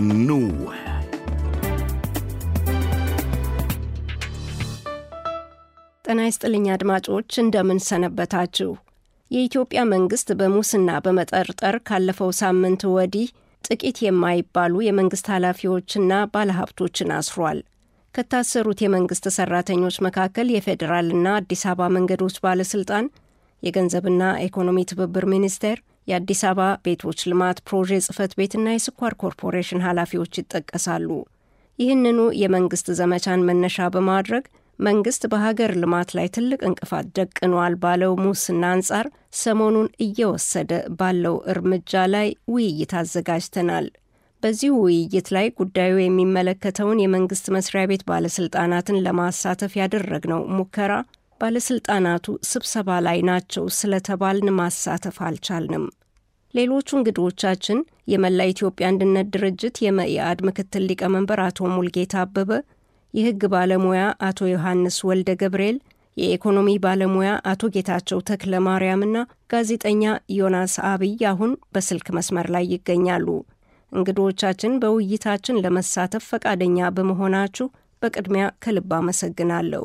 እንወያይ። ጤና ይስጥልኝ አድማጮች፣ እንደምን ሰነበታችሁ? የኢትዮጵያ መንግስት በሙስና በመጠርጠር ካለፈው ሳምንት ወዲህ ጥቂት የማይባሉ የመንግስት ኃላፊዎችና ባለሀብቶችን አስሯል። ከታሰሩት የመንግስት ሰራተኞች መካከል የፌዴራልና አዲስ አበባ መንገዶች ባለስልጣን፣ የገንዘብና ኢኮኖሚ ትብብር ሚኒስቴር የአዲስ አበባ ቤቶች ልማት ፕሮጀክት ጽህፈት ቤትና የስኳር ኮርፖሬሽን ኃላፊዎች ይጠቀሳሉ። ይህንኑ የመንግስት ዘመቻን መነሻ በማድረግ መንግስት በሀገር ልማት ላይ ትልቅ እንቅፋት ደቅኗል ባለው ሙስና አንጻር ሰሞኑን እየወሰደ ባለው እርምጃ ላይ ውይይት አዘጋጅተናል። በዚሁ ውይይት ላይ ጉዳዩ የሚመለከተውን የመንግስት መስሪያ ቤት ባለስልጣናትን ለማሳተፍ ያደረግነው ሙከራ ባለሥልጣናቱ ስብሰባ ላይ ናቸው ስለተባልን ማሳተፍ አልቻልንም። ሌሎቹ እንግዶቻችን የመላ ኢትዮጵያ አንድነት ድርጅት የመኢአድ ምክትል ሊቀመንበር አቶ ሙልጌታ አበበ፣ የሕግ ባለሙያ አቶ ዮሐንስ ወልደ ገብርኤል፣ የኢኮኖሚ ባለሙያ አቶ ጌታቸው ተክለ ማርያምና ጋዜጠኛ ዮናስ አብይ አሁን በስልክ መስመር ላይ ይገኛሉ። እንግዶቻችን በውይይታችን ለመሳተፍ ፈቃደኛ በመሆናችሁ በቅድሚያ ከልብ አመሰግናለሁ።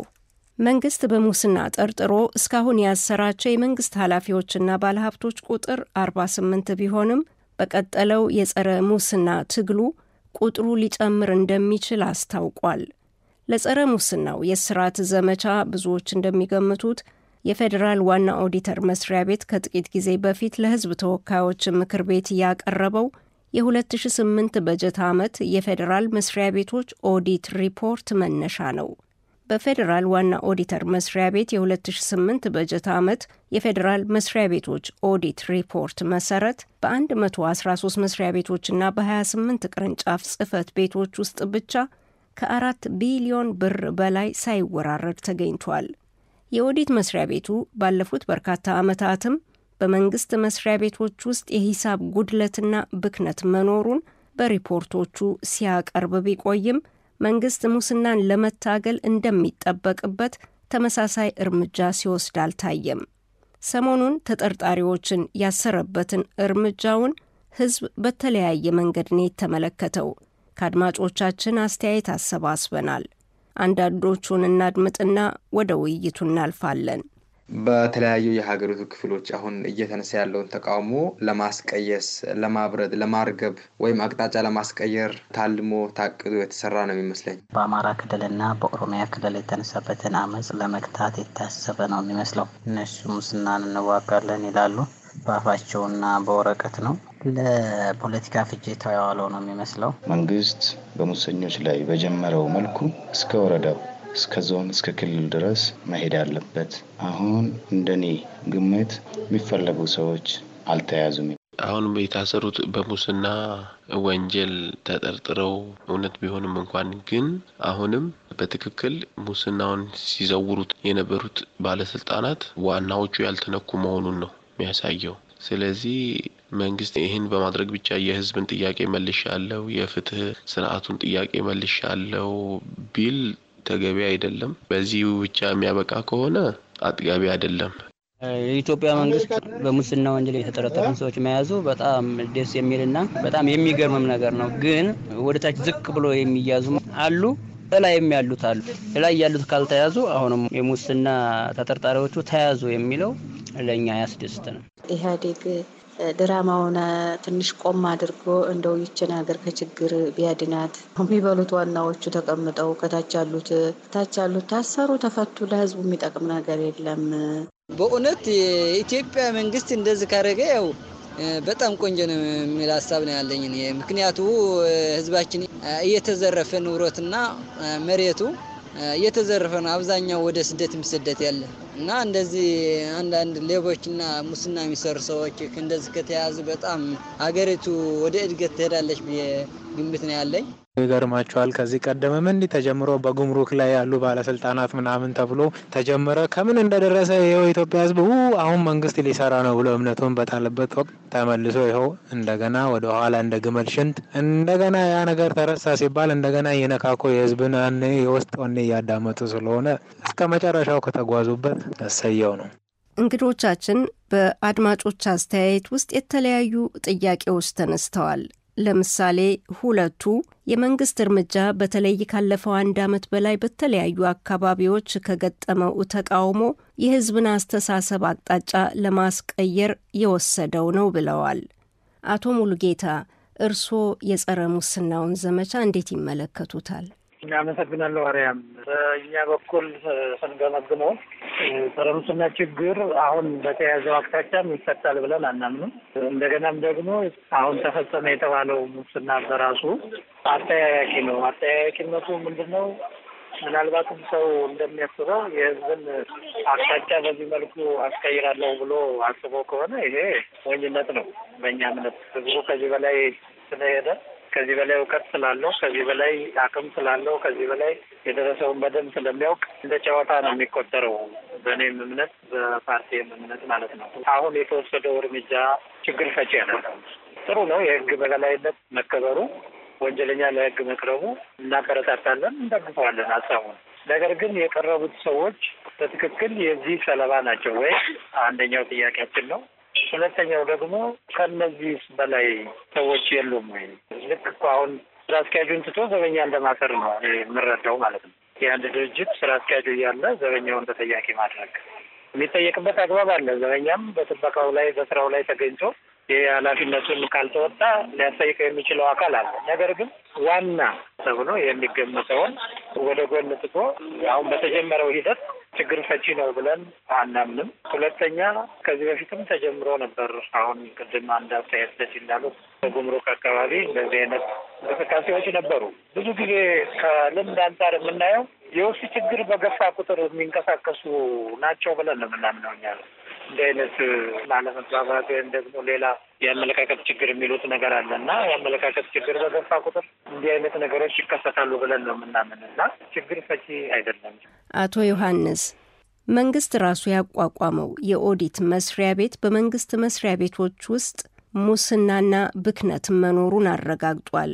መንግስት በሙስና ጠርጥሮ እስካሁን ያሰራቸው የመንግስት ኃላፊዎችና ባለሀብቶች ቁጥር 48 ቢሆንም በቀጠለው የጸረ ሙስና ትግሉ ቁጥሩ ሊጨምር እንደሚችል አስታውቋል። ለጸረ ሙስናው የስርዓት ዘመቻ ብዙዎች እንደሚገምቱት የፌዴራል ዋና ኦዲተር መስሪያ ቤት ከጥቂት ጊዜ በፊት ለሕዝብ ተወካዮች ምክር ቤት ያቀረበው የ2008 በጀት ዓመት የፌዴራል መስሪያ ቤቶች ኦዲት ሪፖርት መነሻ ነው። በፌዴራል ዋና ኦዲተር መስሪያ ቤት የ2008 በጀት ዓመት የፌዴራል መስሪያ ቤቶች ኦዲት ሪፖርት መሰረት በ113 መስሪያ ቤቶችና በ28 ቅርንጫፍ ጽህፈት ቤቶች ውስጥ ብቻ ከአራት ቢሊዮን ብር በላይ ሳይወራረድ ተገኝቷል። የኦዲት መስሪያ ቤቱ ባለፉት በርካታ ዓመታትም በመንግስት መስሪያ ቤቶች ውስጥ የሂሳብ ጉድለትና ብክነት መኖሩን በሪፖርቶቹ ሲያቀርብ ቢቆይም መንግስት ሙስናን ለመታገል እንደሚጠበቅበት ተመሳሳይ እርምጃ ሲወስድ አልታየም። ሰሞኑን ተጠርጣሪዎችን ያሰረበትን እርምጃውን ህዝብ በተለያየ መንገድ ነው የተመለከተው። ከአድማጮቻችን አስተያየት አሰባስበናል። አንዳንዶቹን እናድምጥና ወደ ውይይቱ እናልፋለን። በተለያዩ የሀገሪቱ ክፍሎች አሁን እየተነሳ ያለውን ተቃውሞ ለማስቀየስ፣ ለማብረድ፣ ለማርገብ ወይም አቅጣጫ ለማስቀየር ታልሞ ታቅዶ የተሰራ ነው የሚመስለኝ። በአማራ ክልልና በኦሮሚያ ክልል የተነሳበትን አመፅ ለመግታት የታሰበ ነው የሚመስለው። እነሱ ሙስናን እንዋጋለን ይላሉ። በአፋቸውና በወረቀት ነው። ለፖለቲካ ፍጀታ የዋለው ነው የሚመስለው። መንግስት በሙሰኞች ላይ በጀመረው መልኩ እስከ ወረዳው እስከ ዞን እስከ ክልል ድረስ መሄድ አለበት። አሁን እንደኔ ግምት የሚፈለጉ ሰዎች አልተያዙም። አሁን የታሰሩት በሙስና ወንጀል ተጠርጥረው እውነት ቢሆንም እንኳን ግን አሁንም በትክክል ሙስናውን ሲዘውሩት የነበሩት ባለስልጣናት ዋናዎቹ ያልተነኩ መሆኑን ነው የሚያሳየው። ስለዚህ መንግስት ይህን በማድረግ ብቻ የህዝብን ጥያቄ መልሻለሁ፣ የፍትህ ስርዓቱን ጥያቄ መልሻለሁ ቢል ተገቢ አይደለም። በዚህ ብቻ የሚያበቃ ከሆነ አጥጋቢ አይደለም። የኢትዮጵያ መንግስት በሙስና ወንጀል የተጠረጠሩን ሰዎች መያዙ በጣም ደስ የሚልና በጣም የሚገርምም ነገር ነው። ግን ወደታች ዝቅ ብሎ የሚያዙ አሉ፣ እላይም ያሉት አሉ። እላይ ያሉት ካልተያዙ አሁንም የሙስና ተጠርጣሪዎቹ ተያዙ የሚለው ለእኛ ያስደስት ነው። ኢህአዴግ ድራማውን ትንሽ ቆም አድርጎ እንደው ይችን ሀገር ከችግር ቢያድናት የሚበሉት ዋናዎቹ ተቀምጠው ከታች ያሉት ታች ያሉት ታሰሩ፣ ተፈቱ። ለህዝቡ የሚጠቅም ነገር የለም። በእውነት የኢትዮጵያ መንግስት እንደዚህ ካደረገ ያው በጣም ቆንጆ ነው የሚል ሀሳብ ነው ያለኝ። ምክንያቱ ህዝባችን እየተዘረፈ ንብረትና መሬቱ እየተዘረፈ ነው አብዛኛው ወደ ስደት የሚሰደት ያለ እና እንደዚህ አንዳንድ ሌቦችና ሙስና የሚሰሩ ሰዎች እንደዚህ ከተያዙ በጣም ሀገሪቱ ወደ እድገት ትሄዳለች ብዬ ግምት ነው ያለኝ። ይገርማቸዋል ከዚህ ቀደም ምን ተጀምሮ በጉምሩክ ላይ ያሉ ባለስልጣናት ምናምን ተብሎ ተጀመረ። ከምን እንደደረሰ ይኸው ኢትዮጵያ ሕዝብ አሁን መንግስት ሊሰራ ነው ብሎ እምነቱን በጣለበት ወቅት ተመልሶ ይኸው እንደገና ወደ ኋላ እንደ ግመል ሽንት እንደገና ያ ነገር ተረሳ ሲባል እንደገና እየነካኮ የሕዝብን የውስጥ ወኔ እያዳመጡ ስለሆነ እስከ መጨረሻው ከተጓዙበት ያሰየው ነው። እንግዶቻችን በአድማጮች አስተያየት ውስጥ የተለያዩ ጥያቄዎች ተነስተዋል። ለምሳሌ ሁለቱ የመንግስት እርምጃ በተለይ ካለፈው አንድ ዓመት በላይ በተለያዩ አካባቢዎች ከገጠመው ተቃውሞ የህዝብን አስተሳሰብ አቅጣጫ ለማስቀየር የወሰደው ነው ብለዋል አቶ ሙሉጌታ። እርስዎ የጸረ ሙስናውን ዘመቻ እንዴት ይመለከቱታል? አመሰግናለሁ። አርያም በእኛ በኩል ስንገመግመው ጸረ ሙስና ችግር አሁን በተያያዘው አቅጣጫ ይፈታል ብለን አናምንም። እንደገናም ደግሞ አሁን ተፈጸመ የተባለው ሙስና በራሱ አጠያያቂ ነው። አጠያያቂነቱ ምንድን ነው? ምናልባትም ሰው እንደሚያስበው የህዝብን አቅጣጫ በዚህ መልኩ አስቀይራለሁ ብሎ አስቦ ከሆነ ይሄ ሞኝነት ነው። በእኛ እምነት ህዝቡ ከዚህ በላይ ስለሄደ ከዚህ በላይ እውቀት ስላለው ከዚህ በላይ አቅም ስላለው ከዚህ በላይ የደረሰውን በደንብ ስለሚያውቅ እንደ ጨዋታ ነው የሚቆጠረው። በእኔም እምነት በፓርቲም እምነት ማለት ነው። አሁን የተወሰደው እርምጃ ችግር ፈጪ ነው። ጥሩ ነው የህግ በበላይነት መከበሩ፣ ወንጀለኛ ለህግ መቅረቡ እናበረታታለን፣ እንደግፈዋለን ሀሳቡን። ነገር ግን የቀረቡት ሰዎች በትክክል የዚህ ሰለባ ናቸው ወይ አንደኛው ጥያቄያችን ነው። ሁለተኛው ደግሞ ከነዚህ በላይ ሰዎች የሉም ወይ? ልክ እኮ አሁን ስራ አስኪያጁን ትቶ ዘበኛ እንደማሰር ነው የምረዳው ማለት ነው። የአንድ ድርጅት ስራ አስኪያጁ እያለ ዘበኛውን ተጠያቂ ማድረግ የሚጠየቅበት አግባብ አለ። ዘበኛም በጥበቃው ላይ በስራው ላይ ተገኝቶ የኃላፊነቱን ካልተወጣ ሊያስጠይቀው የሚችለው አካል አለ። ነገር ግን ዋና ተብሎ የሚገምተውን ወደ ጎን ትቶ አሁን በተጀመረው ሂደት ችግር ፈቺ ነው ብለን አናምንም። ሁለተኛ ከዚህ በፊትም ተጀምሮ ነበር። አሁን ቅድም አንድ አስተያየት ሰጪ እንዳሉት በጉምሩክ አካባቢ እንደዚህ አይነት እንቅስቃሴዎች ነበሩ። ብዙ ጊዜ ከልምድ አንጻር የምናየው የውስጥ ችግር በገፋ ቁጥር የሚንቀሳቀሱ ናቸው ብለን ነው የምናምነው እኛ። እንዲህ አይነት ላለመግባባት ወይም ደግሞ ሌላ የአመለካከት ችግር የሚሉት ነገር አለ እና የአመለካከት ችግር በገፋ ቁጥር እንዲህ አይነት ነገሮች ይከሰታሉ ብለን ነው የምናምን እና ችግር ፈቺ አይደለም። አቶ ዮሐንስ መንግስት ራሱ ያቋቋመው የኦዲት መስሪያ ቤት በመንግስት መስሪያ ቤቶች ውስጥ ሙስናና ብክነት መኖሩን አረጋግጧል።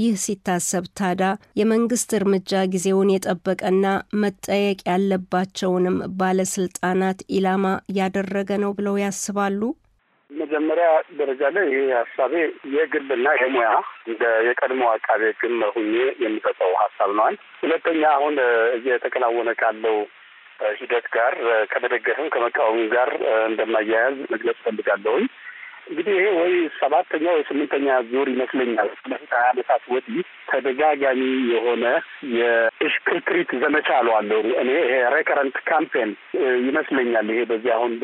ይህ ሲታሰብ ታዳ የመንግስት እርምጃ ጊዜውን የጠበቀና መጠየቅ ያለባቸውንም ባለስልጣናት ኢላማ ያደረገ ነው ብለው ያስባሉ? መጀመሪያ ደረጃ ላይ ይህ ሀሳቤ የግልና የሙያ እንደ የቀድሞ አቃቤ ሕግም ሁኜ የሚሰጠው ሀሳብ ነዋል። ሁለተኛ አሁን እየተከናወነ ካለው ሂደት ጋር ከመደገፍም ከመቃወም ጋር እንደማያያዝ መግለጽ ፈልጋለሁኝ። እንግዲህ ይሄ ወይ ሰባተኛ ወይ ስምንተኛ ዙር ይመስለኛል ለፊት ሀያ አመታት ወዲህ ተደጋጋሚ የሆነ የእሽክርክሪት ዘመቻ አለዋለሁ እኔ ይሄ ሬከረንት ካምፔን ይመስለኛል። ይሄ በዚህ አሁን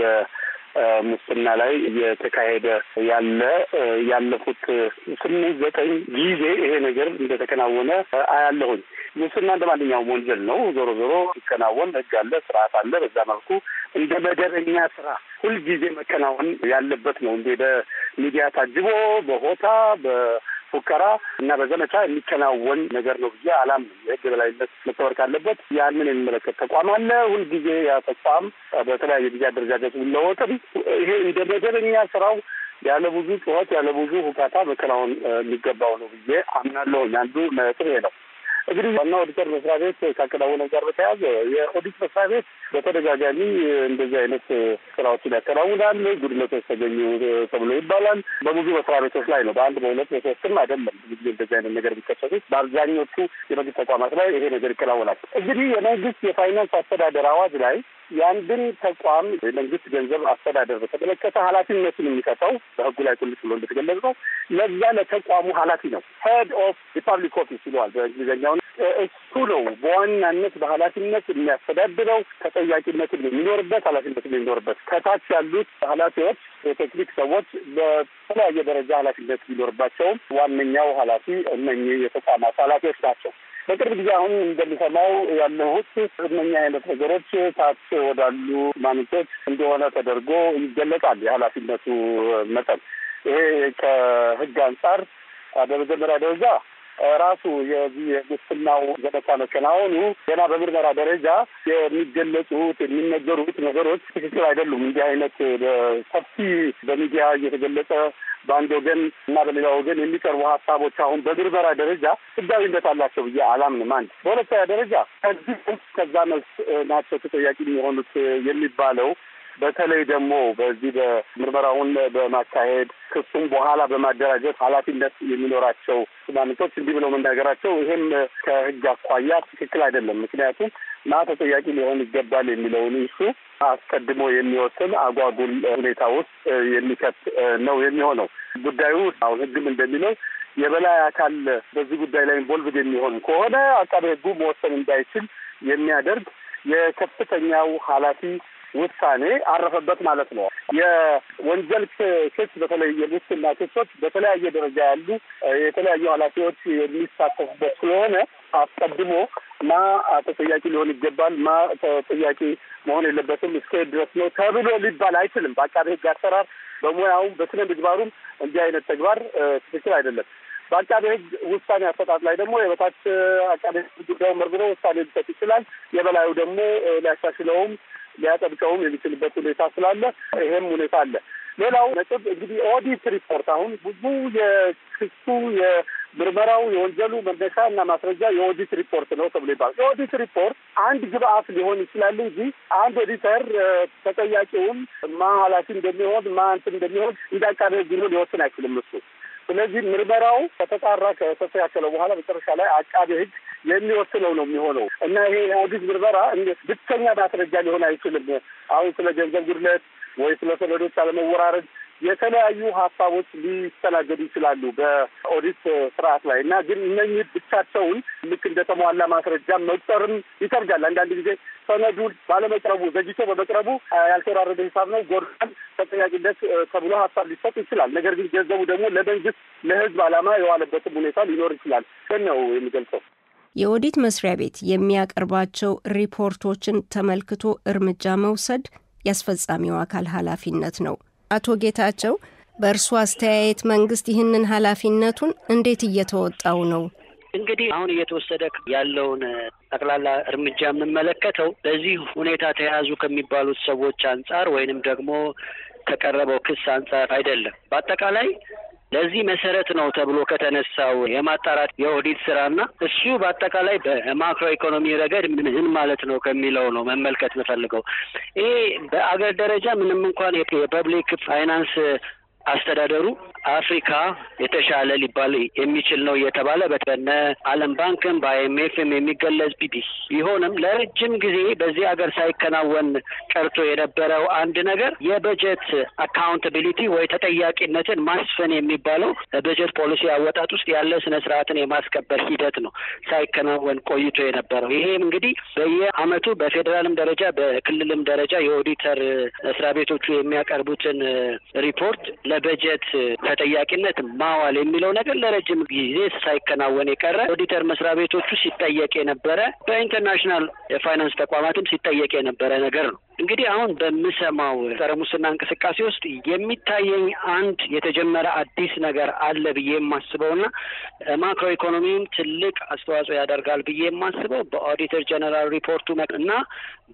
ሙስና ላይ እየተካሄደ ያለ ያለፉት ስምንት ዘጠኝ ጊዜ ይሄ ነገር እንደተከናወነ አያለሁኝ። ሙስና እንደ ማንኛውም ወንጀል ነው። ዞሮ ዞሮ ሲከናወን ህግ አለ፣ ስርዓት አለ። በዛ መልኩ እንደ መደበኛ ስራ ሁልጊዜ መከናወን ያለበት ነው። እንዴ በሚዲያ ታጅቦ በሆታ በ ሙከራ እና በዘመቻ የሚከናወን ነገር ነው ብዬ አላምንም። የህግ በላይነት መከበር ካለበት ያንን የሚመለከት ተቋም አለ። ሁልጊዜ ያ ተቋም በተለያየ ጊዜ አደረጃጀት የሚለወጥም ይሄ እንደ መደበኛ ስራው ያለ ብዙ ጩኸት ያለ ብዙ ሁካታ መከናወን የሚገባው ነው ብዬ አምናለሁ። አንዱ ነጥብ ነው። እንግዲህ ዋና ኦዲተር መስሪያ ቤት ካከናወነው ጋር በተያያዘ የኦዲት መስሪያ ቤት በተደጋጋሚ እንደዚህ አይነት ስራዎችን ያከናውናል። ጉድለቶች ተገኙ ተብሎ ይባላል። በብዙ መስሪያ ቤቶች ላይ ነው። በአንድ በሁለት በሶስትም አይደለም። ብዙ ጊዜ እንደዚህ አይነት ነገር የሚከሰቱት በአብዛኞቹ የመንግስት ተቋማት ላይ ይሄ ነገር ይከናወናል። እንግዲህ የመንግስት የፋይናንስ አስተዳደር አዋጅ ላይ የአንድን ተቋም የመንግስት ገንዘብ አስተዳደር በተመለከተ ኃላፊነቱን የሚሰጠው በህጉ ላይ ቁልጭ ብሎ እንደተገለጸው ለዛ ለተቋሙ ኃላፊ ነው። ሄድ ኦፍ ሪፐብሊክ ኦፊስ ይለዋል በእንግሊዝኛውን። እሱ ነው በዋናነት በኃላፊነት የሚያስተዳድረው። ተጠያቂነትን የሚኖርበት ኃላፊነትን የሚኖርበት ከታች ያሉት ኃላፊዎች የቴክኒክ ሰዎች በተለያየ ደረጃ ኃላፊነት ቢኖርባቸውም ዋነኛው ኃላፊ እነኚህ የተቋማት ኃላፊዎች ናቸው። በቅርብ ጊዜ አሁን እንደሚሰማው ያለሁት እነኛ አይነት ነገሮች ታች ወዳሉ ማንቶች እንደሆነ ተደርጎ ይገለጣል የኃላፊነቱ መጠን ይሄ ከህግ አንጻር በመጀመሪያ ደረጃ ራሱ የሙስናው ዘመቻ መከናወኑ ገና በምርመራ ደረጃ የሚገለጹት የሚነገሩት ነገሮች ትክክል አይደሉም። እንዲህ አይነት ሰፊ በሚዲያ እየተገለጸ በአንድ ወገን እና በሌላ ወገን የሚቀርቡ ሀሳቦች አሁን በድርበራ ደረጃ ህጋዊነት አላቸው ብዬ አላምንም። አንድ በሁለተኛ ደረጃ ከዚህ ከዛ መልስ ናቸው ተጠያቂ የሚሆኑት የሚባለው በተለይ ደግሞ በዚህ በምርመራውን በማካሄድ ክሱም በኋላ በማደራጀት ኃላፊነት የሚኖራቸው ሹማምንቶች እንዲህ ብለው መናገራቸው ይህም ከህግ አኳያ ትክክል አይደለም። ምክንያቱም እና ተጠያቂ ሊሆን ይገባል የሚለውን እሱ አስቀድሞ የሚወስን አጓጉል ሁኔታ ውስጥ የሚከት ነው የሚሆነው ጉዳዩ። አሁን ህግም እንደሚለው የበላይ አካል በዚህ ጉዳይ ላይ ኢንቮልቭድ የሚሆን ከሆነ አቃቤ ህጉ መወሰን እንዳይችል የሚያደርግ የከፍተኛው ኃላፊ ውሳኔ አረፈበት ማለት ነው። የወንጀል ክስ በተለይ የሙስና ክሶች በተለያየ ደረጃ ያሉ የተለያዩ ኃላፊዎች የሚሳተፉበት ስለሆነ አስቀድሞ ማ ተጠያቂ ሊሆን ይገባል፣ ማ ተጠያቂ መሆን የለበትም እስከ ድረስ ነው ተብሎ ሊባል አይችልም። በአቃቤ ሕግ አሰራር በሙያውም በስነ ምግባሩም እንዲህ አይነት ተግባር ትክክል አይደለም። በአቃቤ ሕግ ውሳኔ አሰጣጥ ላይ ደግሞ የበታች አቃቤ ሕግ ጉዳዩ መርምሮ ውሳኔ ሊሰጥ ይችላል። የበላዩ ደግሞ ሊያሻሽለውም ሊያጠብቀውም የሚችልበት ሁኔታ ስላለ ይሄም ሁኔታ አለ። ሌላው ነጥብ እንግዲህ ኦዲት ሪፖርት አሁን ብዙ የክሱ የምርመራው የወንጀሉ መነሻ እና ማስረጃ የኦዲት ሪፖርት ነው ተብሎ ይባላል። የኦዲት ሪፖርት አንድ ግብአት ሊሆን ይችላል እንጂ አንድ ኦዲተር ተጠያቂውን ማ ኃላፊ እንደሚሆን ማ እንትን እንደሚሆን እንዳቃደ ግሉ ሊወስን አይችልም እሱ። ስለዚህ ምርመራው ከተጣራ ከተስተካከለ በኋላ መጨረሻ ላይ አቃቤ ሕግ የሚወስነው ነው የሚሆነው እና ይሄ የኦዲት ብርበራ ብቸኛ ማስረጃ ሊሆን አይችልም። አሁን ስለ ገንዘብ ጉድለት ወይ ስለ ሰነዶች አለመወራረድ የተለያዩ ሀሳቦች ሊስተናገዱ ይችላሉ በኦዲት ስርዓት ላይ እና ግን እነኚህ ብቻቸውን ልክ እንደ ተሟላ ማስረጃ መቁጠርም ይከብዳል። አንዳንድ ጊዜ ሰነዱ ባለመቅረቡ ዘግይቶ በመቅረቡ ያልተወራረደ ሂሳብ ነው ጎድሏል፣ ተጠያቂነት ተብሎ ሀሳብ ሊሰጥ ይችላል። ነገር ግን ገንዘቡ ደግሞ ለመንግስት ለህዝብ ዓላማ የዋለበትም ሁኔታ ሊኖር ይችላል ነው የሚገልጸው። የኦዲት መስሪያ ቤት የሚያቀርባቸው ሪፖርቶችን ተመልክቶ እርምጃ መውሰድ የአስፈጻሚው አካል ኃላፊነት ነው። አቶ ጌታቸው፣ በእርሱ አስተያየት መንግስት ይህንን ኃላፊነቱን እንዴት እየተወጣው ነው? እንግዲህ አሁን እየተወሰደ ያለውን ጠቅላላ እርምጃ የምመለከተው በዚህ ሁኔታ ተያያዙ ከሚባሉት ሰዎች አንጻር ወይንም ደግሞ ከቀረበው ክስ አንጻር አይደለም። በአጠቃላይ ለዚህ መሰረት ነው ተብሎ ከተነሳው የማጣራት የኦዲት ስራና እሱ በአጠቃላይ በማክሮ ኢኮኖሚ ረገድ ምን ማለት ነው ከሚለው ነው መመልከት የምፈልገው። ይሄ በአገር ደረጃ ምንም እንኳን የፐብሊክ ፋይናንስ አስተዳደሩ አፍሪካ የተሻለ ሊባል የሚችል ነው እየተባለ በተነ ዓለም ባንክም በአይኤምኤፍም የሚገለጽ ቢቢ ቢሆንም ለረጅም ጊዜ በዚህ ሀገር ሳይከናወን ቀርቶ የነበረው አንድ ነገር የበጀት አካውንታቢሊቲ ወይ ተጠያቂነትን ማስፈን የሚባለው በጀት ፖሊሲ አወጣት ውስጥ ያለ ስነ ስርዓትን የማስከበር ሂደት ነው ሳይከናወን ቆይቶ የነበረው። ይሄም እንግዲህ በየአመቱ በፌዴራልም ደረጃ በክልልም ደረጃ የኦዲተር መስሪያ ቤቶቹ የሚያቀርቡትን ሪፖርት ለበጀት ተጠያቂነት ማዋል የሚለው ነገር ለረጅም ጊዜ ሳይከናወን የቀረ ኦዲተር መስሪያ ቤቶቹ ሲጠየቅ የነበረ በኢንተርናሽናል የፋይናንስ ተቋማትም ሲጠየቅ የነበረ ነገር ነው። እንግዲህ አሁን በምሰማው ጸረ ሙስና እንቅስቃሴ ውስጥ የሚታየኝ አንድ የተጀመረ አዲስ ነገር አለ ብዬ የማስበውና ማክሮ ኢኮኖሚም ትልቅ አስተዋጽኦ ያደርጋል ብዬ የማስበው በኦዲተር ጀነራል ሪፖርቱ እና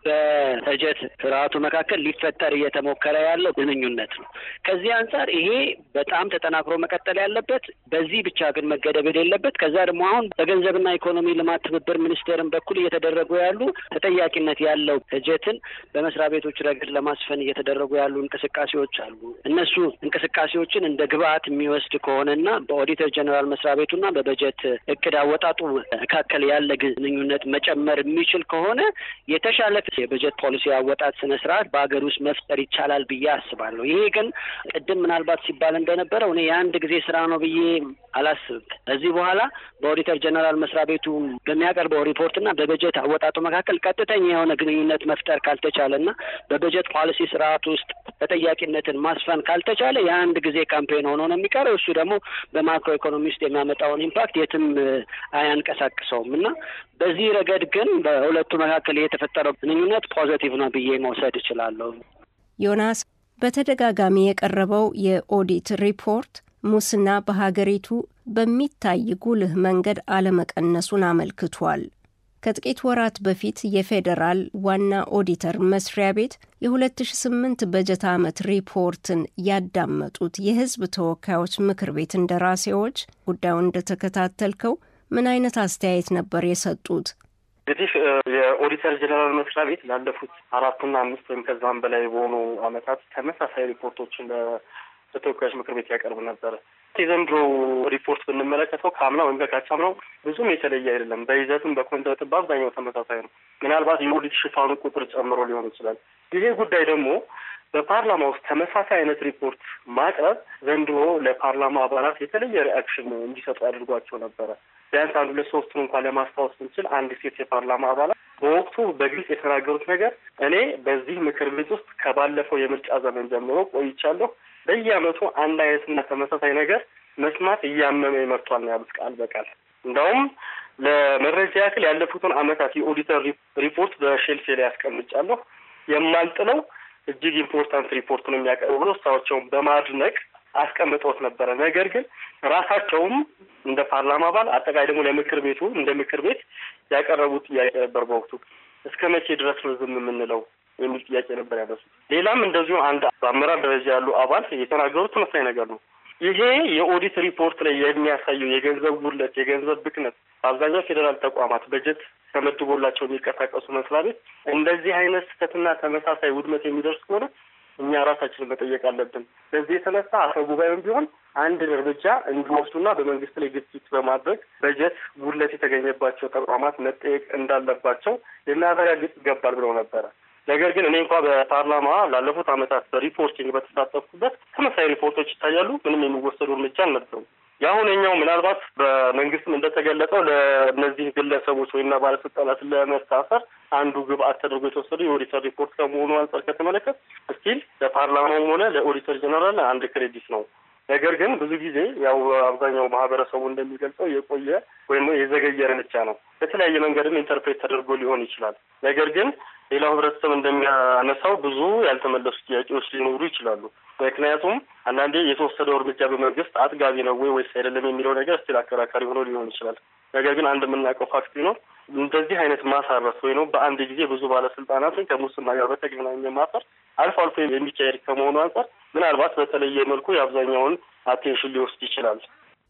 በበጀት ስርዓቱ መካከል ሊፈጠር እየተሞከረ ያለው ግንኙነት ነው። ከዚህ አንጻር ይሄ በጣም ተጠናክሮ መቀጠል ያለበት፣ በዚህ ብቻ ግን መገደብ የሌለበት። ከዛ ደግሞ አሁን በገንዘብና ኢኮኖሚ ልማት ትብብር ሚኒስቴርን በኩል እየተደረጉ ያሉ ተጠያቂነት ያለው በጀትን በመስሪያ ቤቶች ረገድ ለማስፈን እየተደረጉ ያሉ እንቅስቃሴዎች አሉ። እነሱ እንቅስቃሴዎችን እንደ ግብአት የሚወስድ ከሆነና በኦዲተር ጀኔራል መስሪያ ቤቱና በበጀት እቅድ አወጣጡ መካከል ያለ ግንኙነት መጨመር የሚችል ከሆነ የተሻለ የበጀት ፖሊሲ አወጣት ስነስርዓት በሀገር ውስጥ መፍጠር ይቻላል ብዬ አስባለሁ። ይሄ ግን ቅድም ምናልባት ሲባል እንደነበረው እኔ የአንድ ጊዜ ስራ ነው ብዬ አላስብም። ከዚህ በኋላ በኦዲተር ጀነራል መስሪያ ቤቱ በሚያቀርበው ሪፖርትና በበጀት አወጣጡ መካከል ቀጥተኛ የሆነ ግንኙነት መፍጠር ካልተቻለ እና በበጀት ፖሊሲ ስርዓት ውስጥ ተጠያቂነትን ማስፈን ካልተቻለ የአንድ ጊዜ ካምፔን ሆኖ ነው የሚቀረው። እሱ ደግሞ በማክሮ ኢኮኖሚ ውስጥ የሚያመጣውን ኢምፓክት የትም አያንቀሳቅሰውም እና በዚህ ረገድ ግን በሁለቱ መካከል የተፈጠረው ግንኙነት ፖዘቲቭ ነው ብዬ መውሰድ እችላለሁ። ዮናስ በተደጋጋሚ የቀረበው የኦዲት ሪፖርት ሙስና በሀገሪቱ በሚታይ ጉልህ መንገድ አለመቀነሱን አመልክቷል። ከጥቂት ወራት በፊት የፌዴራል ዋና ኦዲተር መስሪያ ቤት የ2008 በጀት ዓመት ሪፖርትን ያዳመጡት የሕዝብ ተወካዮች ምክር ቤት እንደራሴዎች ጉዳዩን እንደተከታተልከው ምን አይነት አስተያየት ነበር የሰጡት? እንግዲህ የኦዲተር ጀኔራል መስሪያ ቤት ላለፉት አራትና አምስት ወይም ከዛም በላይ በሆኑ አመታት ተመሳሳይ ሪፖርቶችን ለተወካዮች ምክር ቤት ያቀርቡ ነበር። የዘንድሮ ሪፖርት ብንመለከተው ከአምና ወይም ነው ብዙም የተለየ አይደለም። በይዘትም በኮንተርትም በአብዛኛው ተመሳሳይ ነው። ምናልባት የኦዲት ሽፋኑ ቁጥር ጨምሮ ሊሆን ይችላል። ይሄ ጉዳይ ደግሞ በፓርላማ ውስጥ ተመሳሳይ አይነት ሪፖርት ማቅረብ ዘንድሮ ለፓርላማ አባላት የተለየ ሪአክሽን እንዲሰጡ አድርጓቸው ነበረ። ቢያንስ አንድ ሁለት ሶስቱን እንኳን ለማስታወስ ስንችል አንድ ሴት የፓርላማ አባላት በወቅቱ በግልጽ የተናገሩት ነገር እኔ በዚህ ምክር ቤት ውስጥ ከባለፈው የምርጫ ዘመን ጀምሮ ቆይቻለሁ። በየአመቱ አንድ አይነትና ተመሳሳይ ነገር መስማት እያመመ ይመርቷል ነው ያሉት ቃል በቃል። እንደውም ለመረጃ ያክል ያለፉትን አመታት የኦዲተር ሪፖርት በሼልፌ ላይ ያስቀምጫለሁ። የማልጥለው እጅግ ኢምፖርታንት ሪፖርት ነው የሚያቀርቡ ብሎ እሳቸውን በማድነቅ አስቀምጠውት ነበረ። ነገር ግን ራሳቸውም እንደ ፓርላማ አባል አጠቃላይ ደግሞ ለምክር ቤቱ እንደ ምክር ቤት ያቀረቡት ጥያቄ ነበር በወቅቱ እስከ መቼ ድረስ ነው ዝም የምንለው የሚል ጥያቄ ነበር ያነሱት። ሌላም እንደዚሁ አንድ በአመራር ደረጃ ያሉ አባል የተናገሩት ተመሳሳይ ነገር ነው። ይሄ የኦዲት ሪፖርት ላይ የሚያሳየው የገንዘብ ጉድለት፣ የገንዘብ ብክነት በአብዛኛው ፌዴራል ተቋማት በጀት ተመድቦላቸው የሚንቀሳቀሱ መስሪያ ቤት እንደዚህ አይነት ስህተትና ተመሳሳይ ውድመት የሚደርስ ከሆነ እኛ ራሳችንን መጠየቅ አለብን። በዚህ የተነሳ አፈ ጉባኤም ቢሆን አንድ እርምጃ እንዲወስዱና በመንግስት ላይ ግፊት በማድረግ በጀት ጉድለት የተገኘባቸው ተቋማት መጠየቅ እንዳለባቸው ልናረጋግጥ ይገባል ብለው ነበረ። ነገር ግን እኔ እንኳ በፓርላማ ላለፉት አመታት በሪፖርቲንግ በተሳተፍኩበት ተመሳሳይ ሪፖርቶች ይታያሉ። ምንም የሚወሰዱ እርምጃ አልነበሩም። የአሁነኛው ምናልባት በመንግስትም እንደተገለጸው ለእነዚህ ግለሰቦች ወይና ባለስልጣናት ለመታሰር አንዱ ግብአት ተደርጎ የተወሰዱ የኦዲተር ሪፖርት ከመሆኑ አንጻር ከተመለከት ለፓርላማውም ሆነ ለኦዲተር ጀነራል አንድ ክሬዲት ነው። ነገር ግን ብዙ ጊዜ ያው አብዛኛው ማህበረሰቡ እንደሚገልጸው የቆየ ወይም የዘገየ እርምጃ ነው። በተለያየ መንገድም ኢንተርፕሬት ተደርጎ ሊሆን ይችላል። ነገር ግን ሌላው ህብረተሰብ እንደሚያነሳው ብዙ ያልተመለሱ ጥያቄዎች ሊኖሩ ይችላሉ። ምክንያቱም አንዳንዴ የተወሰደው እርምጃ በመንግስት አጥጋቢ ነው ወይ ወይስ አይደለም የሚለው ነገር እስቲል አከራካሪ ሆኖ ሊሆን ይችላል። ነገር ግን አንድ የምናውቀው ፋክት ነው እንደዚህ አይነት ማሳረፍ ወይ ነው በአንድ ጊዜ ብዙ ባለስልጣናትን ከሙስና ጋር በተገናኘ ማሰር አልፎ አልፎ የሚካሄድ ከመሆኑ አንጻር ምናልባት በተለየ መልኩ የአብዛኛውን አቴንሽን ሊወስድ ይችላል።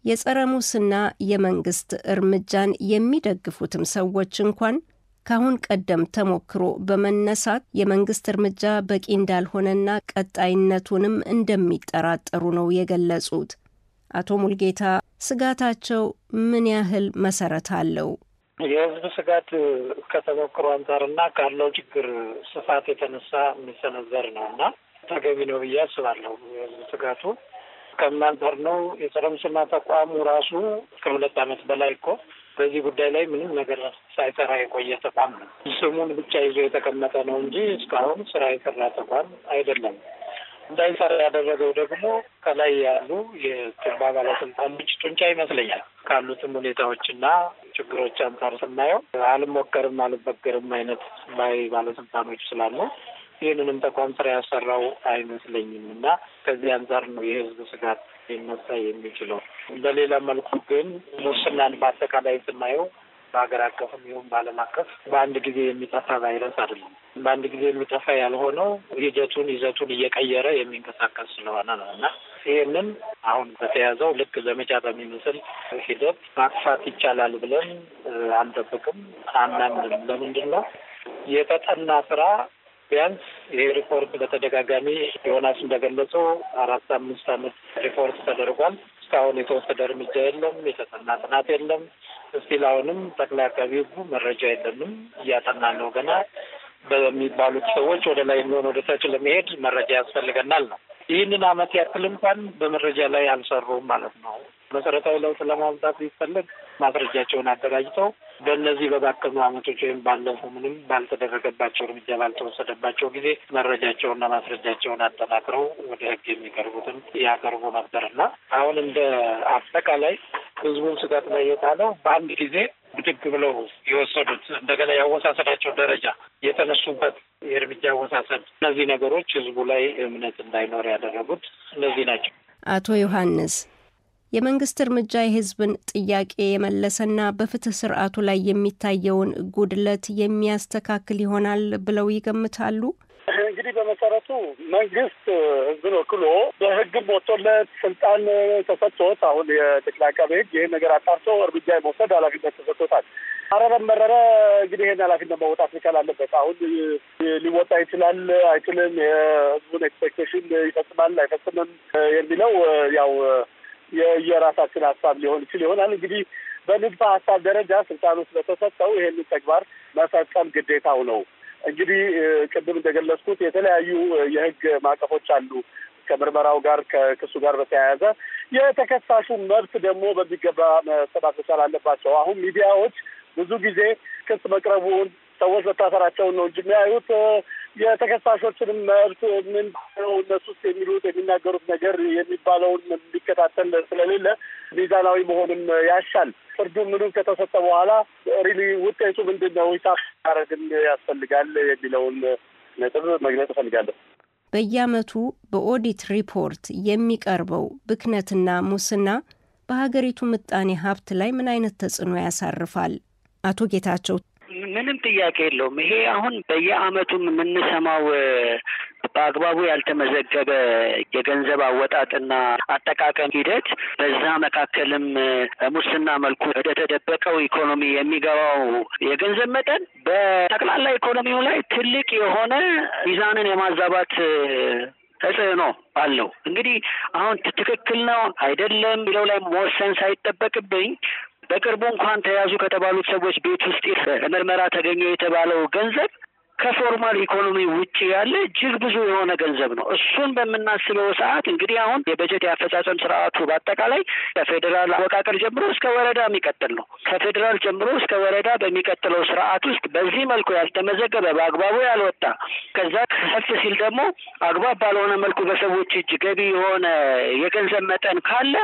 የጸረ ሙስና የመንግስት እርምጃን የሚደግፉትም ሰዎች እንኳን ከአሁን ቀደም ተሞክሮ በመነሳት የመንግስት እርምጃ በቂ እንዳልሆነና ቀጣይነቱንም እንደሚጠራጠሩ ነው የገለጹት። አቶ ሙልጌታ ስጋታቸው ምን ያህል መሰረት አለው? የህዝብ ስጋት ከተሞክሮ አንጻርና ካለው ችግር ስፋት የተነሳ የሚሰነዘር ነው እና ተገቢ ነው ብዬ አስባለሁ። የህዝብ ስጋቱ ከምን አንጻር ነው? የጸረ ሙስና ተቋሙ ራሱ ከሁለት ዓመት በላይ እኮ በዚህ ጉዳይ ላይ ምንም ነገር ሳይሰራ የቆየ ተቋም ነው። ስሙን ብቻ ይዞ የተቀመጠ ነው እንጂ እስካሁን ስራ የሰራ ተቋም አይደለም። እንዳይሰራ ያደረገው ደግሞ ከላይ ያሉ የቱባ ባለስልጣኖች ጡንቻ ይመስለኛል። ካሉትም ሁኔታዎችና ችግሮች አንጻር ስናየው አልሞከርም አልበገርም አይነት ባይ ባለስልጣኖች ስላሉ ይህንንም ተቋም ስራ ያሰራው አይመስለኝም እና ከዚህ አንጻር ነው የህዝብ ስጋት ሊነሳ የሚችለው። በሌላ መልኩ ግን ሙስናን በአጠቃላይ ስናየው በሀገር አቀፍም ይሁን በዓለም አቀፍ በአንድ ጊዜ የሚጠፋ ቫይረስ አይደለም። በአንድ ጊዜ የሚጠፋ ያልሆነው ሂደቱን ይዘቱን እየቀየረ የሚንቀሳቀስ ስለሆነ ነው እና ይህንን አሁን በተያዘው ልክ ዘመቻ በሚመስል ሂደት ማጥፋት ይቻላል ብለን አንጠብቅም፣ አናምንም። ለምንድን ነው የተጠና ስራ ቢያንስ ይሄ ሪፖርት በተደጋጋሚ ዮናስ እንደገለጸው አራት አምስት አመት ሪፖርት ተደርጓል። እስካሁን የተወሰደ እርምጃ የለም፣ የተጠና ጥናት የለም። እስቲል አሁንም ጠቅላይ አቃቢ ሕጉ መረጃ የለንም፣ እያጠና ነው ገና በሚባሉት ሰዎች ወደ ላይ ሆን ወደ ታች ለመሄድ መረጃ ያስፈልገናል ነው። ይህንን አመት ያክል እንኳን በመረጃ ላይ አልሰሩም ማለት ነው። መሰረታዊ ለውጥ ለማምጣት ቢፈለግ ማስረጃቸውን አደራጅተው በእነዚህ በባከኑ አመቶች ወይም ባለፉ ምንም ባልተደረገባቸው እርምጃ ባልተወሰደባቸው ጊዜ መረጃቸውና ማስረጃቸውን አጠናክረው ወደ ሕግ የሚቀርቡትን ያቀርቡ ነበርና አሁን እንደ አጠቃላይ ህዝቡን ስጋት ላይ የጣለው በአንድ ጊዜ ብድግ ብለው የወሰዱት እንደገና ያወሳሰዳቸው ደረጃ የተነሱበት የእርምጃ አወሳሰድ፣ እነዚህ ነገሮች ህዝቡ ላይ እምነት እንዳይኖር ያደረጉት እነዚህ ናቸው። አቶ ዮሐንስ የመንግስት እርምጃ የህዝብን ጥያቄ የመለሰና በፍትህ ስርዓቱ ላይ የሚታየውን ጉድለት የሚያስተካክል ይሆናል ብለው ይገምታሉ? እንግዲህ በመሰረቱ መንግስት ህዝብን ወክሎ በህግም ወጥቶለት ስልጣን ተሰጥቶት አሁን የጠቅላይ አቃቤ ህግ ይህን ነገር አጣርቶ እርምጃ የመውሰድ ኃላፊነት ተሰጥቶታል። አረረም መረረ እንግዲህ ይህን ኃላፊነት መወጣት መቻል አለበት። አሁን ሊወጣ ይችላል አይችልም፣ የህዝቡን ኤክስፔክቴሽን ይፈጽማል አይፈጽምም የሚለው ያው የየራሳችን ሀሳብ ሊሆን ይችል ይሆናል እንግዲህ በንድፈ ሀሳብ ደረጃ ስልጣኑ ስለተሰጠው ይህንን ተግባር መፈጸም ግዴታው ነው። እንግዲህ ቅድም እንደገለጽኩት የተለያዩ የህግ ማዕቀፎች አሉ ከምርመራው ጋር ከክሱ ጋር በተያያዘ የተከሳሹ መብት ደግሞ በሚገባ መሰማት መቻል አለባቸው። አሁን ሚዲያዎች ብዙ ጊዜ ክስ መቅረቡን ሰዎች መታሰራቸውን ነው እንጂ የሚያዩት የተከሳሾችንም መብት ምን ነው እነሱ ውስጥ የሚሉት የሚናገሩት ነገር የሚባለውን የሚከታተል ስለሌለ ሚዛናዊ መሆንም ያሻል። ፍርዱ ምኑ ከተሰጠ በኋላ ሪሊ ውጤቱ ምንድን ነው ሂሳብ ማድረግን ያስፈልጋል የሚለውን ነጥብ መግለጽ እፈልጋለሁ። በየዓመቱ በኦዲት ሪፖርት የሚቀርበው ብክነትና ሙስና በሀገሪቱ ምጣኔ ሀብት ላይ ምን አይነት ተጽዕኖ ያሳርፋል? አቶ ጌታቸው ምንም ጥያቄ የለውም። ይሄ አሁን በየአመቱም የምንሰማው በአግባቡ ያልተመዘገበ የገንዘብ አወጣጥና አጠቃቀም ሂደት በዛ መካከልም ሙስና መልኩ ወደ ተደበቀው ኢኮኖሚ የሚገባው የገንዘብ መጠን በጠቅላላ ኢኮኖሚው ላይ ትልቅ የሆነ ሚዛንን የማዛባት ተጽዕኖ አለው። እንግዲህ አሁን ትክክል ነው አይደለም የሚለው ላይ መወሰን ሳይጠበቅብኝ በቅርቡ እንኳን ተያዙ ከተባሉት ሰዎች ቤት ውስጥ ምርመራ ተገኘ የተባለው ገንዘብ ከፎርማል ኢኮኖሚ ውጭ ያለ እጅግ ብዙ የሆነ ገንዘብ ነው። እሱን በምናስበው ሰዓት እንግዲህ አሁን የበጀት የአፈጻጸም ስርዓቱ በአጠቃላይ ከፌዴራል አወቃቀር ጀምሮ እስከ ወረዳ የሚቀጥል ነው። ከፌዴራል ጀምሮ እስከ ወረዳ በሚቀጥለው ስርዓት ውስጥ በዚህ መልኩ ያልተመዘገበ በአግባቡ ያልወጣ ከዛ ከፍ ሲል ደግሞ አግባብ ባልሆነ መልኩ በሰዎች እጅ ገቢ የሆነ የገንዘብ መጠን ካለ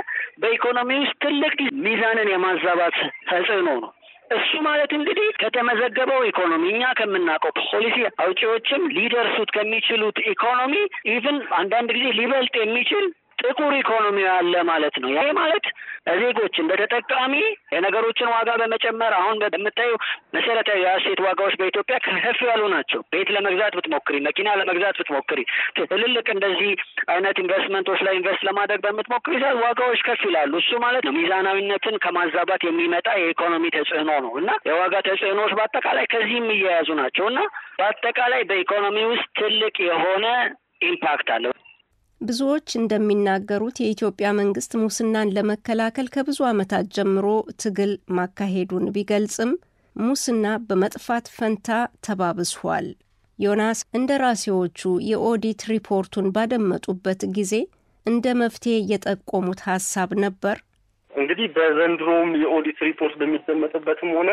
በኢኮኖሚ ውስጥ ትልቅ ሚዛንን የማዛባት ተጽዕኖ ነው። እሱ ማለት እንግዲህ ከተመዘገበው ኢኮኖሚ እኛ ከምናውቀው ፖሊሲ አውጪዎችም ሊደርሱት ከሚችሉት ኢኮኖሚ ኢቭን አንዳንድ ጊዜ ሊበልጥ የሚችል ጥቁር ኢኮኖሚ አለ ማለት ነው። ይሄ ማለት ዜጎች እንደ ተጠቃሚ የነገሮችን ዋጋ በመጨመር አሁን በምታዩ መሰረታዊ የአሴት ዋጋዎች በኢትዮጵያ ከፍ ያሉ ናቸው። ቤት ለመግዛት ብትሞክሪ፣ መኪና ለመግዛት ብትሞክሪ፣ ትልልቅ እንደዚህ አይነት ኢንቨስትመንቶች ላይ ኢንቨስት ለማድረግ በምትሞክሪ ሰዓት ዋጋዎች ከፍ ይላሉ። እሱ ማለት ነው ሚዛናዊነትን ከማዛባት የሚመጣ የኢኮኖሚ ተጽዕኖ ነው እና የዋጋ ተጽዕኖዎች በአጠቃላይ ከዚህ የሚያያዙ ናቸው እና በአጠቃላይ በኢኮኖሚ ውስጥ ትልቅ የሆነ ኢምፓክት አለው። ብዙዎች እንደሚናገሩት የኢትዮጵያ መንግስት ሙስናን ለመከላከል ከብዙ ዓመታት ጀምሮ ትግል ማካሄዱን ቢገልጽም ሙስና በመጥፋት ፈንታ ተባብሷል። ዮናስ እንደራሴዎቹ የኦዲት ሪፖርቱን ባደመጡበት ጊዜ እንደ መፍትሄ የጠቆሙት ሀሳብ ነበር። እንግዲህ በዘንድሮውም የኦዲት ሪፖርት በሚደመጥበትም ሆነ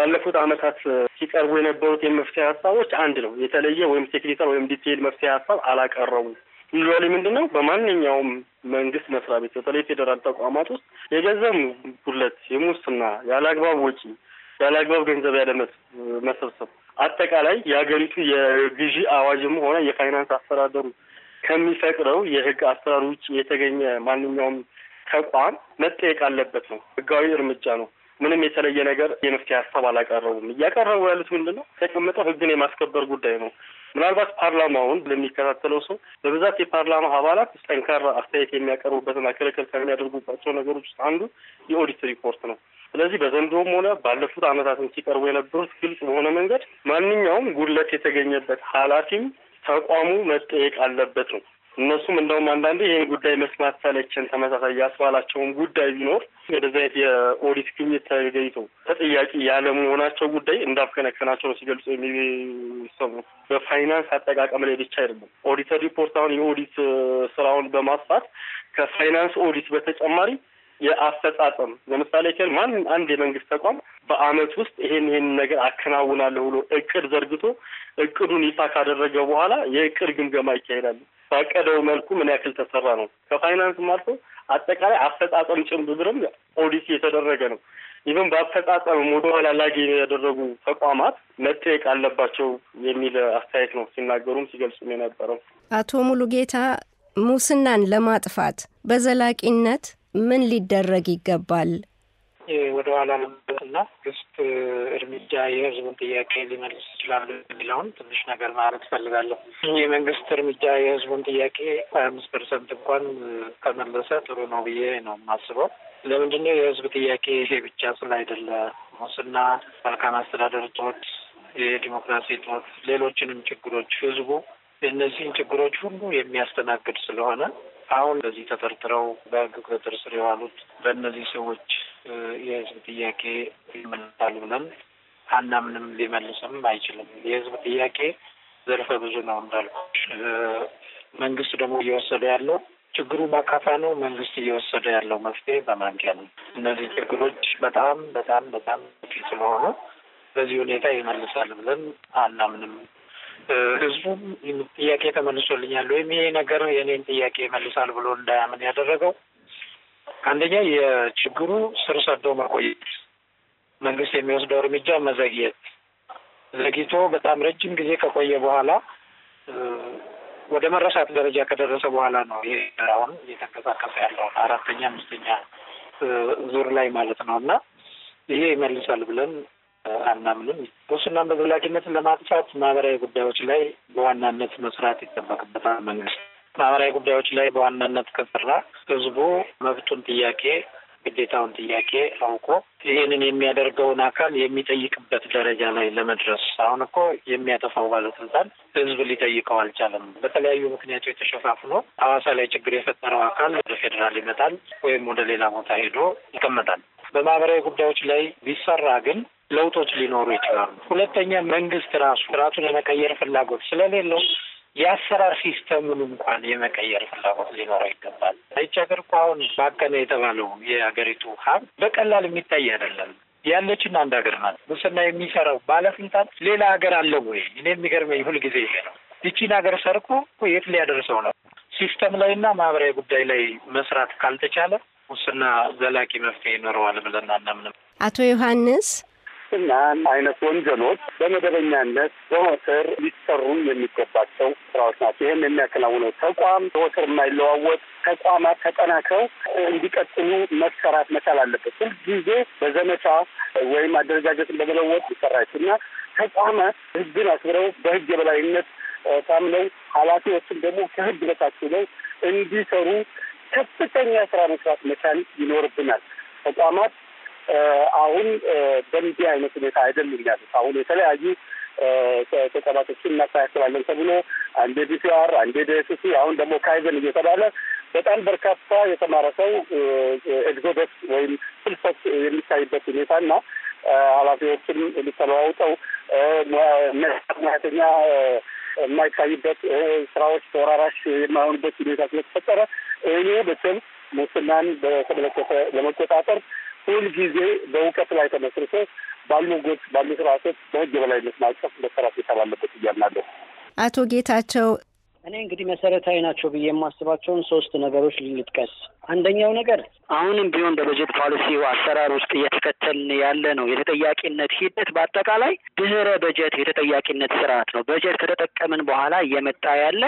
ባለፉት ዓመታት ሲቀርቡ የነበሩት የመፍትሄ ሀሳቦች አንድ ነው። የተለየ ወይም ቴክኒካል ወይም ዲቴይል መፍትሄ ሀሳብ አላቀረቡም። ዩዝዋሊ ምንድን ነው በማንኛውም መንግስት መስሪያ ቤት በተለይ ፌዴራል ተቋማት ውስጥ የገንዘብ ጉድለት፣ የሙስና፣ አግባብ ወጪ፣ አግባብ ገንዘብ ያለ መሰብሰብ አጠቃላይ የሀገሪቱ የግዢ አዋጅም ሆነ የፋይናንስ አስተዳደሩ ከሚፈቅደው የህግ አሰራር ውጭ የተገኘ ማንኛውም ተቋም መጠየቅ አለበት ነው። ህጋዊ እርምጃ ነው። ምንም የተለየ ነገር የመፍትሄ ሀሳብ አላቀረቡም። እያቀረቡ ያሉት ምንድን ነው? የተቀመጠው ህግን የማስከበር ጉዳይ ነው። ምናልባት ፓርላማውን ለሚከታተለው ሰው በብዛት የፓርላማ አባላት ጠንካራ አስተያየት የሚያቀርቡበትና ክርክር ከሚያደርጉባቸው ነገሮች ውስጥ አንዱ የኦዲት ሪፖርት ነው። ስለዚህ በዘንድሮም ሆነ ባለፉት ዓመታትን ሲቀርቡ የነበሩት ግልጽ በሆነ መንገድ ማንኛውም ጉድለት የተገኘበት ኃላፊም ተቋሙ መጠየቅ አለበት ነው። እነሱም እንደውም አንዳንዴ ይህን ጉዳይ መስማት ሰለችን ተመሳሳይ ያስባላቸውን ጉዳይ ቢኖር ወደዚ አይነት የኦዲት ግኝት ተገኝቶ ተጠያቂ ያለመሆናቸው ጉዳይ እንዳፍከነከናቸው ነው ሲገልጹ የሚሰሙ። በፋይናንስ አጠቃቀም ላይ ብቻ አይደለም ኦዲተር ሪፖርት አሁን የኦዲት ስራውን በማስፋት ከፋይናንስ ኦዲት በተጨማሪ የአፈጻጸም ለምሳሌ ከን ማንም አንድ የመንግስት ተቋም በአመት ውስጥ ይሄን ይሄን ነገር አከናውናለሁ ብሎ እቅድ ዘርግቶ እቅዱን ይፋ ካደረገ በኋላ የእቅድ ግምገማ ይካሄዳል። ባቀደው መልኩ ምን ያክል ተሰራ ነው። ከፋይናንስም አልፎ አጠቃላይ አፈጻጸም ጭምብርም ኦዲት የተደረገ ነው። ይህም በአፈጻጸም ወደኋላ ላጊ ያደረጉ ተቋማት መጠየቅ አለባቸው የሚል አስተያየት ነው ሲናገሩም ሲገልጹም የነበረው አቶ ሙሉጌታ ሙስናን ለማጥፋት በዘላቂነት ምን ሊደረግ ይገባል? ወደ ኋላ ለመለስና መንግስት እርምጃ የህዝቡን ጥያቄ ሊመልስ ይችላሉ የሚለውን ትንሽ ነገር ማለት እፈልጋለሁ። የመንግስት እርምጃ የህዝቡን ጥያቄ ሀያ አምስት ፐርሰንት እንኳን ከመለሰ ጥሩ ነው ብዬ ነው የማስበው። ለምንድነው የህዝብ ጥያቄ ይሄ ብቻ አይደለ? ሙስና፣ መልካም አስተዳደር እጦት፣ የዲሞክራሲ እጦት፣ ሌሎችንም ችግሮች ህዝቡ እነዚህን ችግሮች ሁሉ የሚያስተናግድ ስለሆነ አሁን በዚህ ተጠርጥረው በህግ ቁጥጥር ስር የዋሉት በእነዚህ ሰዎች የህዝብ ጥያቄ ይመልሳሉ ብለን አናምንም። ሊመልስም አይችልም። የህዝብ ጥያቄ ዘርፈ ብዙ ነው እንዳልኩሽ። መንግስት ደግሞ እየወሰደ ያለው ችግሩ በአካፋ ነው። መንግስት እየወሰደ ያለው መፍትሄ በማንኪያ ነው። እነዚህ ችግሮች በጣም በጣም በጣም ሰፊ ስለሆኑ በዚህ ሁኔታ ይመልሳል ብለን አናምንም። ህዝቡም ጥያቄ ተመልሶልኛል ወይም ይሄ ነገር የኔን ጥያቄ ይመልሳል ብሎ እንዳያምን ያደረገው አንደኛ የችግሩ ስር ሰዶ መቆየት፣ መንግስት የሚወስደው እርምጃ መዘግየት፣ ዘግይቶ በጣም ረጅም ጊዜ ከቆየ በኋላ ወደ መረሳት ደረጃ ከደረሰ በኋላ ነው ይሄ አሁን እየተንቀሳቀሰ ያለው አራተኛ አምስተኛ ዙር ላይ ማለት ነው እና ይሄ ይመልሳል ብለን አናምንም። ሙስናን በዘላቂነትን ለማጥፋት ማህበራዊ ጉዳዮች ላይ በዋናነት መስራት ይጠበቅበታል። መንግስት ማህበራዊ ጉዳዮች ላይ በዋናነት ከሰራ ህዝቡ መብቱን ጥያቄ ግዴታውን ጥያቄ አውቆ ይህንን የሚያደርገውን አካል የሚጠይቅበት ደረጃ ላይ ለመድረስ አሁን እኮ የሚያጠፋው ባለስልጣን ህዝብ ሊጠይቀው አልቻለም። በተለያዩ ምክንያቶች የተሸፋፍኖ ሐዋሳ ላይ ችግር የፈጠረው አካል ወደ ፌዴራል ይመጣል ወይም ወደ ሌላ ቦታ ሄዶ ይቀመጣል። በማህበራዊ ጉዳዮች ላይ ቢሰራ ግን ለውጦች ሊኖሩ ይችላሉ። ሁለተኛ መንግስት ራሱ ስርዓቱን የመቀየር ፍላጎት ስለሌለው የአሰራር ሲስተሙን እንኳን የመቀየር ፍላጎት ሊኖረው ይገባል። ይቺ ሀገር እኮ አሁን ባከነ የተባለው የሀገሪቱ ሀብት በቀላል የሚታይ አይደለም። ያለችን አንድ ሀገር ናት። ሙስና የሚሰራው ባለስልጣን ሌላ ሀገር አለ ወይ? እኔ የሚገርመኝ ሁልጊዜ ይሄ ነው። ይቺን ሀገር ሰርቆ የት ሊያደርሰው ነው? ሲስተም ላይ እና ማህበራዊ ጉዳይ ላይ መስራት ካልተቻለ ሙስና ዘላቂ መፍትሄ ይኖረዋል ብለን አናምንም። አቶ ዮሐንስ ሙስናን አይነት ወንጀሎች በመደበኛነት በወትር ሊሰሩ የሚገባቸው ስራዎች ናቸው። ይህን የሚያከናውነው ተቋም በወትር የማይለዋወጥ ተቋማት ተጠናክረው እንዲቀጥሉ መሰራት መቻል አለበት። ሁልጊዜ በዘመቻ ወይም አደረጃጀትን በመለወጥ ይሰራች እና ተቋማት ህግን አክብረው በህግ የበላይነት ታምነው ኃላፊዎችን ደግሞ ከህግ በታች ነው እንዲሰሩ ከፍተኛ ስራ መስራት መቻል ይኖርብናል። ተቋማት አሁን በእንዲህ አይነት ሁኔታ አይደሉም ያሉት። አሁን የተለያዩ ተጠባቶችን እናስተካክላለን ተብሎ አንድ ዲፒአር፣ አንድ ዲኤስሲ፣ አሁን ደግሞ ካይዘን እየተባለ በጣም በርካታ የተማረ ሰው ኤግዞደስ ወይም ፍልሰት የሚታይበት ሁኔታ እና ኃላፊዎችን ሊተለዋውጠው ሙያተኛ የማይታይበት ስራዎች ተወራራሽ የማይሆኑበት ሁኔታ ስለተፈጠረ ይሄ በትም ሙስናን በተመለከተ ለመቆጣጠር ሁል ጊዜ በእውቀት ላይ ተመስርቶ ባሉ ህጎች፣ ባሉ ስርዓቶች በህግ የበላይነት ማቀፍ መሰራት የተባለበት እያልናለሁ። አቶ ጌታቸው እኔ እንግዲህ መሰረታዊ ናቸው ብዬ የማስባቸውን ሶስት ነገሮች ልንጥቀስ። አንደኛው ነገር አሁንም ቢሆን በበጀት ፖሊሲው አሰራር ውስጥ እየተከተልን ያለ ነው። የተጠያቂነት ሂደት በአጠቃላይ ድህረ በጀት የተጠያቂነት ስርዓት ነው። በጀት ከተጠቀምን በኋላ እየመጣ ያለ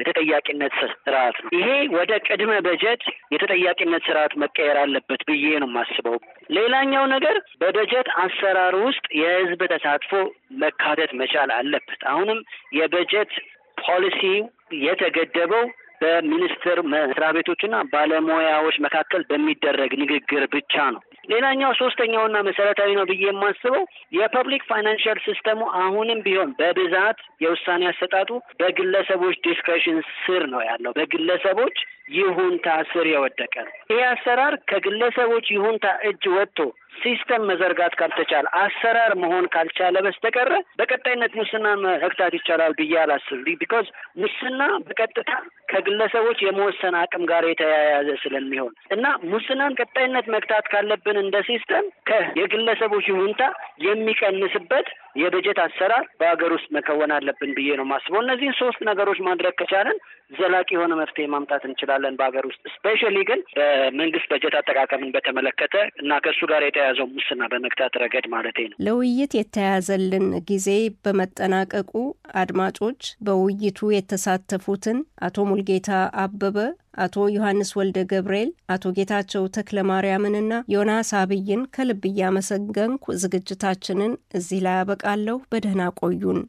የተጠያቂነት ስርዓት ነው። ይሄ ወደ ቅድመ በጀት የተጠያቂነት ስርዓት መቀየር አለበት ብዬ ነው የማስበው። ሌላኛው ነገር በበጀት አሰራር ውስጥ የህዝብ ተሳትፎ መካተት መቻል አለበት። አሁንም የበጀት ፖሊሲው የተገደበው በሚኒስቴር መስሪያ ቤቶችና ባለሙያዎች መካከል በሚደረግ ንግግር ብቻ ነው። ሌላኛው ሶስተኛውና መሰረታዊ ነው ብዬ የማስበው የፐብሊክ ፋይናንሽል ሲስተሙ አሁንም ቢሆን በብዛት የውሳኔ አሰጣጡ በግለሰቦች ዲስክሬሽን ስር ነው ያለው፣ በግለሰቦች ይሁንታ ስር የወደቀ ነው። ይህ አሰራር ከግለሰቦች ይሁንታ እጅ ወጥቶ ሲስተም መዘርጋት ካልተቻለ አሰራር መሆን ካልቻለ በስተቀረ በቀጣይነት ሙስና መግታት ይቻላል ብዬ አላስብ። ቢኮዝ ሙስና በቀጥታ ከግለሰቦች የመወሰን አቅም ጋር የተያያዘ ስለሚሆን እና ሙስናን ቀጣይነት መግታት ካለብን እንደ ሲስተም ከየግለሰቦች ይሁንታ የሚቀንስበት የበጀት አሰራር በሀገር ውስጥ መከወን አለብን ብዬ ነው ማስበው። እነዚህን ሶስት ነገሮች ማድረግ ከቻለን ዘላቂ የሆነ መፍትሄ ማምጣት እንችላለን በሀገር ውስጥ ስፔሻሊ ግን በመንግስት በጀት አጠቃቀምን በተመለከተ እና ከእሱ ጋር የተያዘው ሙስና በመግታት ረገድ ማለት ነው። ለውይይት የተያዘልን ጊዜ በመጠናቀቁ አድማጮች በውይይቱ የተሳተፉትን አቶ ሙልጌታ አበበ አቶ ዮሐንስ ወልደ ገብርኤል፣ አቶ ጌታቸው ተክለ ማርያምንና ዮናስ አብይን ከልብ እያመሰገንኩ ዝግጅታችንን እዚህ ላይ አበቃለሁ በደህና ቆዩን።